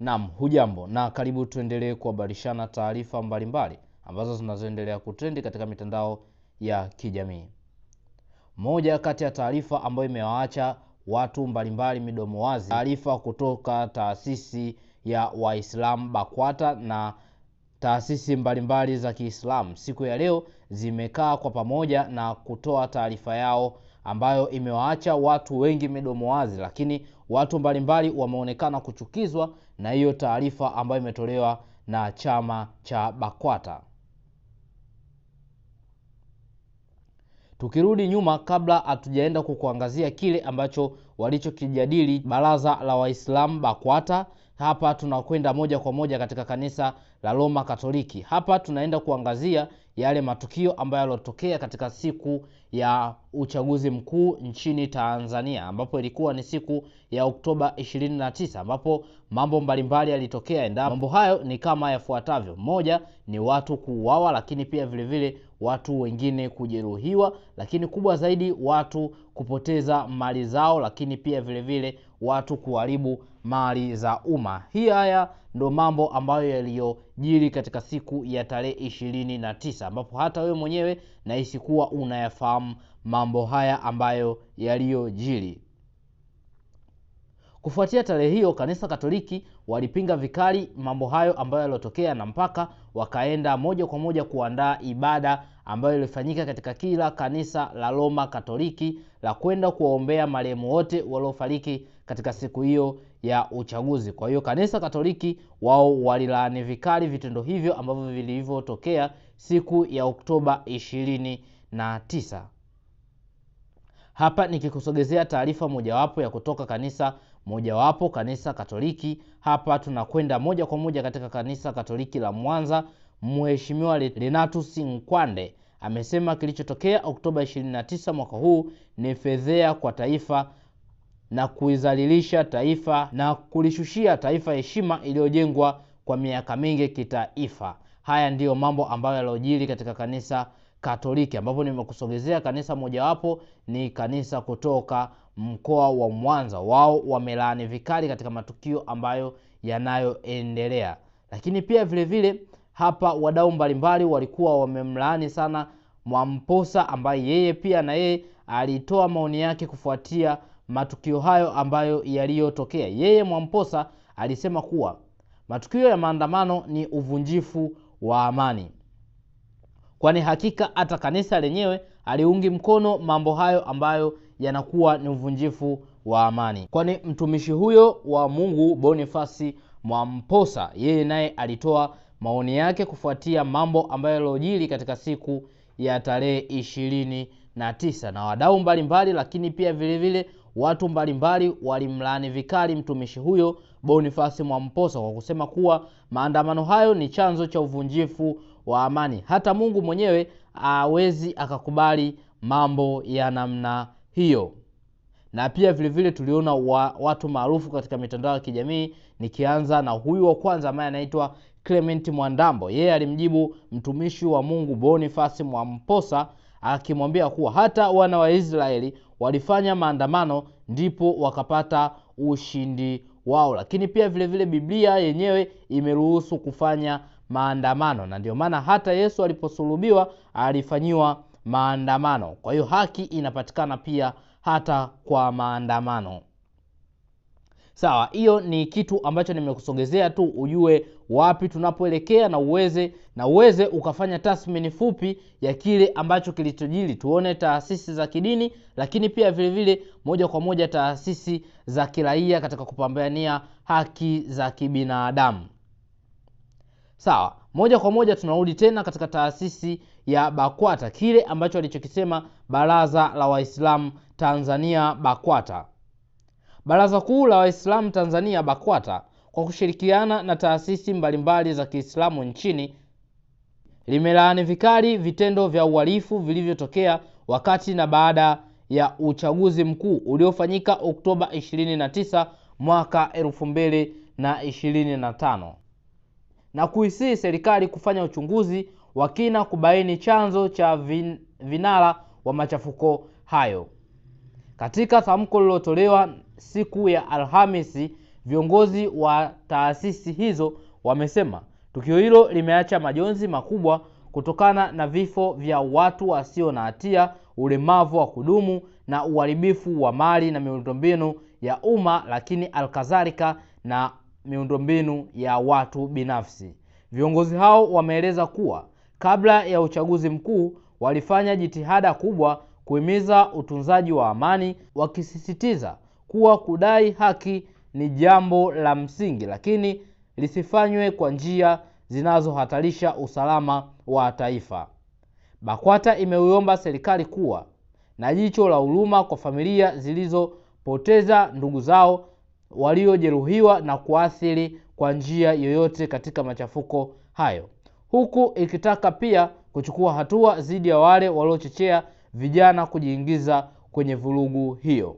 Naam, hujambo na karibu, tuendelee kuhabarishana taarifa mbalimbali ambazo zinazoendelea kutrendi katika mitandao ya kijamii. Moja kati ya taarifa ambayo imewaacha watu mbalimbali midomo wazi, taarifa kutoka taasisi ya waislam BAKWATA na taasisi mbalimbali za Kiislamu siku ya leo zimekaa kwa pamoja na kutoa taarifa yao ambayo imewaacha watu wengi midomo wazi, lakini watu mbalimbali wameonekana kuchukizwa na hiyo taarifa ambayo imetolewa na chama cha BAKWATA. Tukirudi nyuma kabla hatujaenda kukuangazia kile ambacho walichokijadili baraza la Waislamu BAKWATA, hapa tunakwenda moja kwa moja katika kanisa la Roma Katoliki. Hapa tunaenda kuangazia yale matukio ambayo yalotokea katika siku ya uchaguzi mkuu nchini Tanzania, ambapo ilikuwa ni siku ya Oktoba 29, ambapo mambo mbalimbali yalitokea. Endapo mambo hayo ni kama yafuatavyo: moja ni watu kuuawa, lakini pia vilevile vile watu wengine kujeruhiwa, lakini kubwa zaidi watu kupoteza mali zao, lakini pia vilevile vile watu kuharibu mali za umma. Hii haya ndo mambo ambayo yaliyojiri katika siku ya tarehe ishirini na tisa ambapo hata wewe mwenyewe nahisi kuwa unayafahamu mambo haya ambayo yaliyojiri. Kufuatia tarehe hiyo, kanisa Katoliki walipinga vikali mambo hayo ambayo yaliyotokea na mpaka wakaenda moja kwa moja kuandaa ibada ambayo ilifanyika katika kila kanisa la Roma Katoliki la kwenda kuwaombea marehemu wote waliofariki katika siku hiyo ya uchaguzi. Kwa hiyo kanisa Katoliki wao walilaani vikali vitendo hivyo ambavyo vilivyotokea siku ya Oktoba 29 Hapa nikikusogezea taarifa mojawapo ya kutoka kanisa mojawapo, kanisa Katoliki. Hapa tunakwenda moja kwa moja katika kanisa Katoliki la Mwanza. Mheshimiwa Renatus Nkwande amesema kilichotokea Oktoba 29 mwaka huu ni fedhea kwa taifa na kuizalilisha taifa na kulishushia taifa heshima iliyojengwa kwa miaka mingi kitaifa. Haya ndiyo mambo ambayo yalojili katika kanisa Katoliki, ambapo nimekusogezea kanisa mojawapo ni kanisa kutoka mkoa wa Mwanza. Wao wamelaani vikali katika matukio ambayo yanayoendelea, lakini pia vilevile vile, hapa wadau mbalimbali walikuwa wamemlaani sana Mwamposa ambaye yeye pia na yeye alitoa maoni yake kufuatia matukio hayo ambayo yaliyotokea. Yeye Mwamposa alisema kuwa matukio ya maandamano ni uvunjifu wa amani, kwani hakika hata kanisa lenyewe aliungi mkono mambo hayo ambayo yanakuwa ni uvunjifu wa amani, kwani mtumishi huyo wa Mungu Bonifasi Mwamposa yeye naye alitoa maoni yake kufuatia mambo ambayo yaliyojiri katika siku ya tarehe ishirini na tisa na wadau mbalimbali, lakini pia vilevile Watu mbalimbali walimlaani vikali mtumishi huyo Bonifasi Mwamposa kwa kusema kuwa maandamano hayo ni chanzo cha uvunjifu wa amani. Hata Mungu mwenyewe awezi akakubali mambo ya namna hiyo. Na pia vilevile tuliona wa, watu maarufu katika mitandao ya kijamii, nikianza na huyu wa kwanza ambaye anaitwa Clement Mwandambo. Yeye alimjibu mtumishi wa Mungu Bonifasi Mwamposa akimwambia kuwa hata wana wa Israeli walifanya maandamano ndipo wakapata ushindi wao, lakini pia vile vile Biblia yenyewe imeruhusu kufanya maandamano, na ndio maana hata Yesu aliposulubiwa alifanyiwa maandamano. Kwa hiyo haki inapatikana pia hata kwa maandamano sawa. Hiyo ni kitu ambacho nimekusogezea tu ujue wapi tunapoelekea na uweze na uweze ukafanya tathmini fupi ya kile ambacho kilichojili. Tuone taasisi za kidini, lakini pia vile vile moja kwa moja taasisi za kiraia katika kupambania haki za kibinadamu. Sawa, moja kwa moja tunarudi tena katika taasisi ya BAKWATA, kile ambacho alichokisema Baraza la Waislamu Tanzania BAKWATA. Baraza Kuu la Waislamu Tanzania BAKWATA kwa kushirikiana na taasisi mbalimbali za Kiislamu nchini limelaani vikali vitendo vya uhalifu vilivyotokea wakati na baada ya uchaguzi mkuu uliofanyika Oktoba 29 mwaka 2025 na kuisihi serikali kufanya uchunguzi wa kina kubaini chanzo cha vinara wa machafuko hayo. Katika tamko lililotolewa siku ya Alhamisi, viongozi wa taasisi hizo wamesema tukio hilo limeacha majonzi makubwa kutokana na vifo vya watu wasio na hatia, ulemavu wa kudumu na uharibifu wa mali na miundombinu ya umma, lakini alkadhalika na miundombinu ya watu binafsi. Viongozi hao wameeleza kuwa kabla ya uchaguzi mkuu walifanya jitihada kubwa kuhimiza utunzaji wa amani, wakisisitiza kuwa kudai haki ni jambo la msingi, lakini lisifanywe kwa njia zinazohatarisha usalama wa taifa. BAKWATA imeiomba serikali kuwa na jicho la huruma kwa familia zilizopoteza ndugu zao waliojeruhiwa na kuathiri kwa njia yoyote katika machafuko hayo, huku ikitaka pia kuchukua hatua dhidi ya wale waliochochea vijana kujiingiza kwenye vurugu hiyo.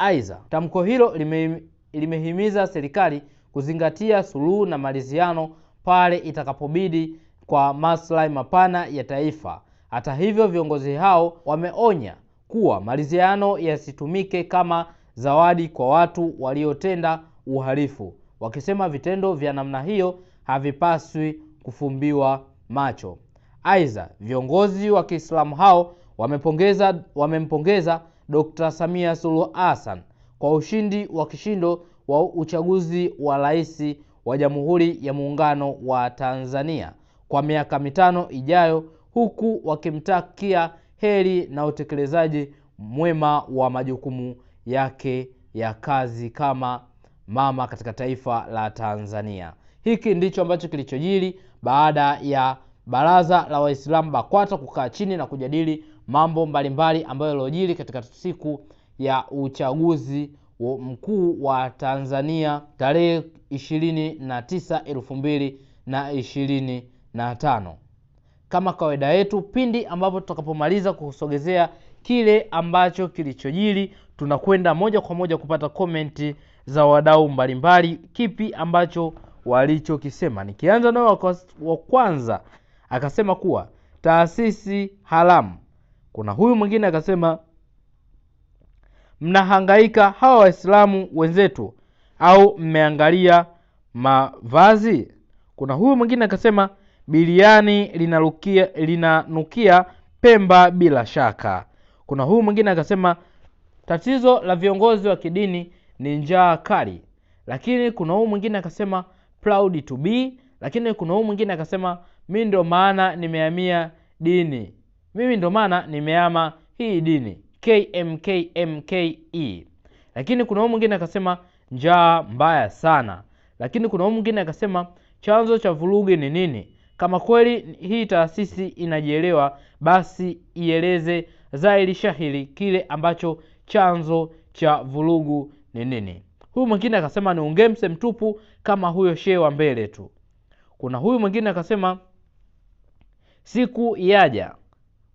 Aidha, tamko hilo lime, limehimiza serikali kuzingatia suluhu na maridhiano pale itakapobidi kwa maslahi mapana ya taifa. Hata hivyo, viongozi hao wameonya kuwa maridhiano yasitumike kama zawadi kwa watu waliotenda uhalifu, wakisema vitendo vya namna hiyo havipaswi kufumbiwa macho. Aidha, viongozi wa Kiislamu hao wamepongeza wamempongeza Dr. Samia Suluhu Hassan kwa ushindi wa kishindo wa uchaguzi wa rais wa Jamhuri ya Muungano wa Tanzania kwa miaka mitano ijayo huku wakimtakia heri na utekelezaji mwema wa majukumu yake ya kazi kama mama katika taifa la Tanzania. Hiki ndicho ambacho kilichojiri baada ya Baraza la Waislamu BAKWATA kukaa chini na kujadili mambo mbalimbali ambayo yaliojiri katika siku ya uchaguzi mkuu wa Tanzania tarehe ishirini na tisa na Kama kawaida yetu, pindi ambapo tutakapomaliza kusogezea kile ambacho kilichojiri, tunakwenda moja kwa moja kupata komenti za wadau mbalimbali, kipi ambacho walichokisema. Nikianza nao wa kwanza akasema kuwa taasisi haramu kuna huyu mwingine akasema, mnahangaika hawa Waislamu wenzetu au mmeangalia mavazi? Kuna huyu mwingine akasema, biliani linanukia, linanukia Pemba bila shaka. Kuna huyu mwingine akasema, tatizo la viongozi wa kidini ni njaa kali. Lakini kuna huyu mwingine akasema proud to be. Lakini kuna huyu mwingine akasema mi ndio maana nimehamia dini mimi ndo maana nimeama hii dini KMKMKE. Lakini kuna huyu mwingine akasema njaa mbaya sana. Lakini kuna huyu mwingine akasema chanzo cha vurugu ni nini? Kama kweli hii taasisi inajielewa, basi ieleze dhahiri shahiri kile ambacho chanzo cha vurugu ni nini. Huyu mwingine akasema ni ungemse mtupu kama huyo shehe wa mbele tu. Kuna huyu mwingine akasema siku yaja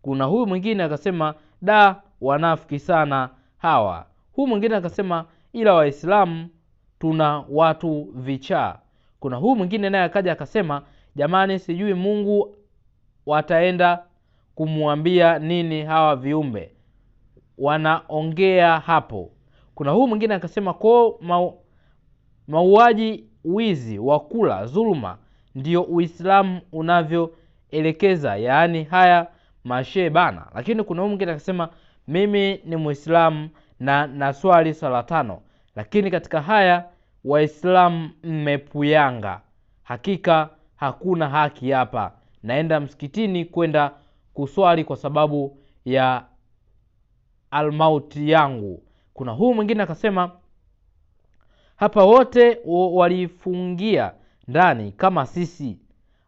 kuna huyu mwingine akasema da wanafiki sana hawa huyu mwingine akasema ila waislamu tuna watu vichaa kuna huyu mwingine naye akaja akasema jamani sijui mungu wataenda kumwambia nini hawa viumbe wanaongea hapo kuna huyu mwingine akasema koo mauaji wizi wa kula dhuluma ndio uislamu unavyoelekeza yaani haya mashee bana. Lakini kuna mwingine akasema mimi ni Muislamu na naswali swala tano, lakini katika haya Waislamu mmepuyanga, hakika hakuna haki hapa. Naenda msikitini kwenda kuswali kwa sababu ya almauti yangu. Kuna huu mwingine akasema hapa wote walifungia ndani kama sisi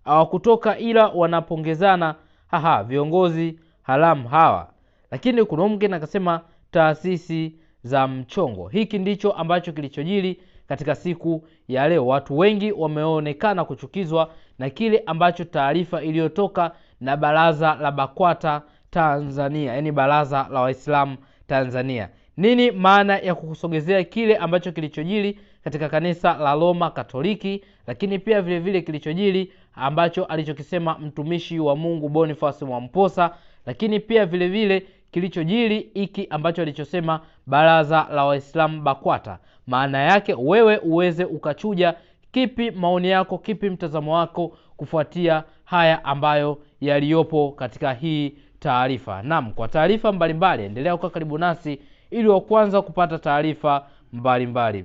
hawakutoka ila wanapongezana aha viongozi haramu hawa lakini kuna mwingine akasema taasisi za mchongo hiki ndicho ambacho kilichojiri katika siku ya leo watu wengi wameonekana kuchukizwa na kile ambacho taarifa iliyotoka na baraza la bakwata tanzania yaani baraza la waislamu tanzania nini maana ya kukusogezea kile ambacho kilichojiri katika kanisa la roma katoliki lakini pia vile vile kilichojiri ambacho alichokisema mtumishi wa Mungu Boniface Mwamposa, lakini pia vile vile kilichojiri hiki ambacho alichosema baraza la Waislamu BAKWATA. Maana yake wewe uweze ukachuja kipi maoni yako, kipi mtazamo wako kufuatia haya ambayo yaliyopo katika hii taarifa. Naam, kwa taarifa mbalimbali endelea kuwa karibu nasi ili wa kwanza kupata taarifa mbalimbali.